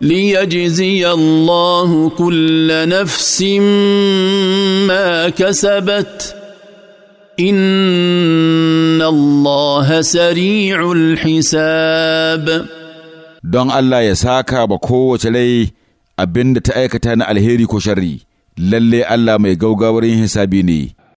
ليجزي الله كل نفس ما كسبت ان الله سريع الحساب don Allah ya saka ba kowace lai abin da ta aikata na alheri ko sharri lalle Allah mai gaugawar yin hisabi ne